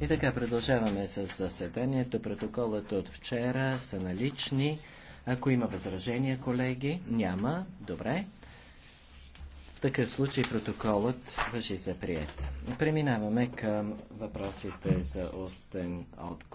И така продължаваме с заседанието. Протоколът от вчера са налични. Ако има възражения, колеги, няма. Добре. В такъв случай протоколът въжи за прият. Преминаваме към въпросите за устен отговор.